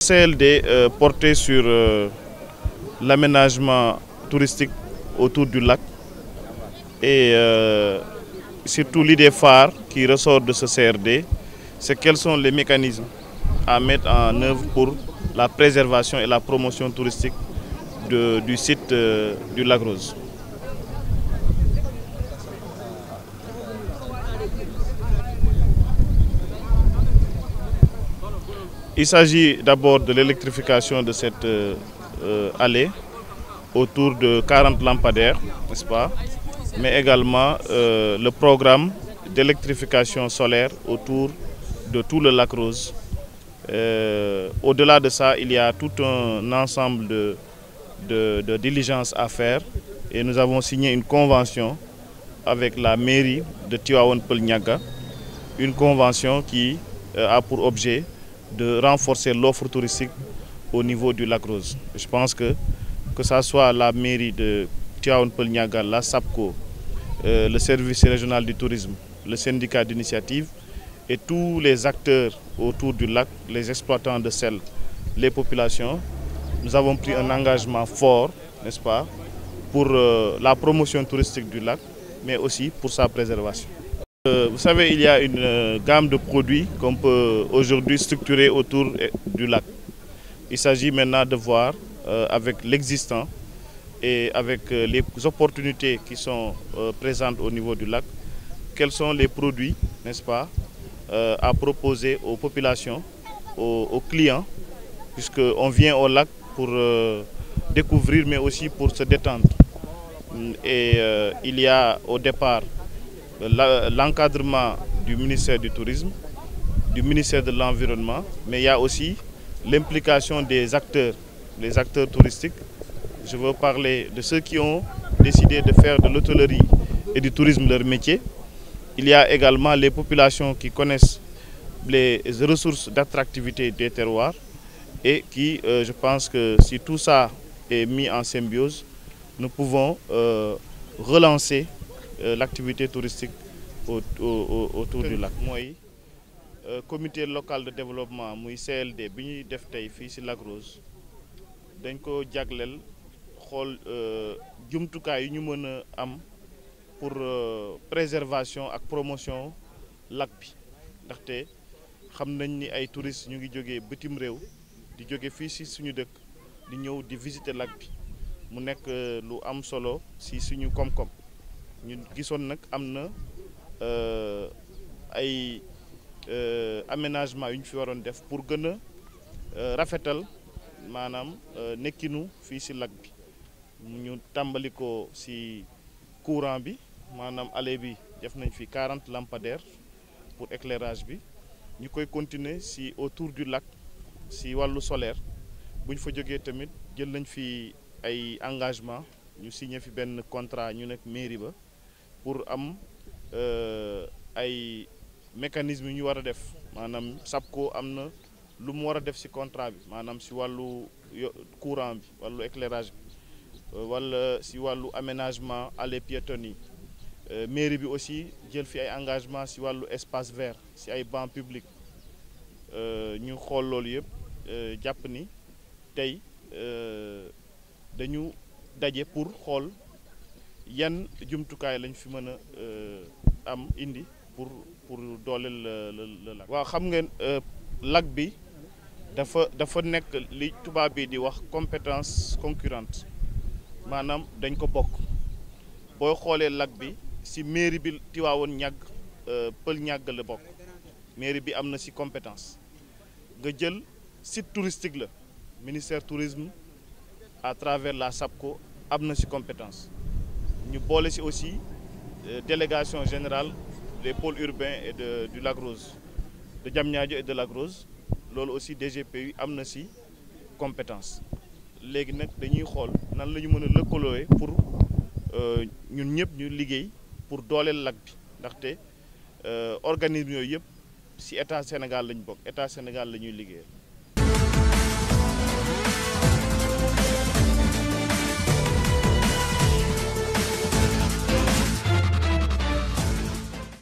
celle euh, porter sur euh, l'aménagement touristique autour du lac et euh, surtout l'idée phare qui ressort de ce CRD, c'est quels sont les mécanismes à mettre en œuvre pour la préservation et la promotion touristique du site euh, du lac Rose. Il s'agit d'abord de l'électrification de cette euh, euh, allée autour de 40 lampadaires, n'est-ce pas Mais également euh, le programme d'électrification solaire autour de tout le lac Rose. Au-delà de ça, il y a tout un ensemble de, diligences à faire et nous avons signé une convention avec la mairie de Tiwaon-Pelnyaga, une convention qui a pour objet de renforcer l'offre touristique au niveau du lac Rose. Je pense que, que ce soit la mairie de Tiaounpelniaga, la SAPCO, euh, le service régional du tourisme, le syndicat d'initiative et tous les acteurs autour du lac, les exploitants de sel, les populations, nous avons pris un engagement fort, n'est-ce pas, pour euh, la promotion touristique du lac, mais aussi pour sa préservation. Euh, vous savez, il y a une euh, gamme de produits qu'on peut aujourd'hui structurer autour eh, du lac. Il s'agit maintenant de voir euh, avec l'existant et avec les opportunités qui sont présentes au niveau du lac, quels sont les produits, n'est-ce pas, à proposer aux populations, aux, aux clients, puisqu'on vient au lac pour découvrir, mais aussi pour se détendre. Et il y a au départ l'encadrement du ministère du Tourisme, du ministère de l'Environnement, mais il y a aussi l'implication des acteurs, les acteurs touristiques. Je veux parler de ceux qui ont décidé de faire de l'hôtellerie et du tourisme leur métier. Il y a également les populations qui connaissent les ressources d'attractivité des terroirs et qui, euh, je pense que si tout ça est mis en symbiose, nous pouvons euh, relancer euh, l'activité touristique au, au, autour du lac euh, comité local de développement muy CLD bi ñuy def tey fii ci Lac Rose dañ ko euh, ñu am pour euh, préservation ak promotion lac bi ndaxte xam nañ ni ay touristes ñu ngi jógee bitim réew di jóge fii ci suñu dëkk di ñëw di visiter lac bi mu nekk lu am solo ci suñu koom ñu gisoon nag am na euh, ay euh, aménagement yu ñu fi waroon def pour gëna euh rafetal manam euh, nekkinu fi ci lac bi ñu tambaliko ko si courant bi manam allée bi def nañ fi 40 lampadaires pour éclairage bi ñukoy continuer si autour du lac si walu solaire buñ fa joggé tamit jël nañ fi ay engagement ñu signé fi ben contrat ñu nekk mairie ba pour am euh, ay mécanisme ñu wara def manam sapko amna lu mu wara def ci contrat bi manam si walu courant bi walu éclairage bi wala si walu aménagement allées piétonnes euh, mairie bi aussi jël fi ay engagement si walu espace vert si ay banc public, euh, ñu xool loolu euh, japp ni euh, dañu dajé pour xol yan jumtukaay lañ fi mëna euh am indi pour pour dooleel euh, le lac waaw xam ngeen euh, lac bi dafa dafa nek li tuba bi di wax compétence concurrente manam dañ ko bok boy xolé lac bi si mairie bi ñag euh peul ñag le bok mairie bi amna si compétence nga jël site touristique le ministère tourisme à travers la SAPCO amna si compétence ñu boole si aussi euh, délégation générale des pôles urbains et de du Lac Rose de Diamniadio et de Lac Rose aussi DGPU amna ci compétence légui nak dañuy xol nan lañu mëna mën pour euh ñun ñëpp ñu liggéey pour dooleel lac bi ndaxte euh, organisme yooyu yëpp si état Sénégal lañ bok état Sénégal lañuy ñuy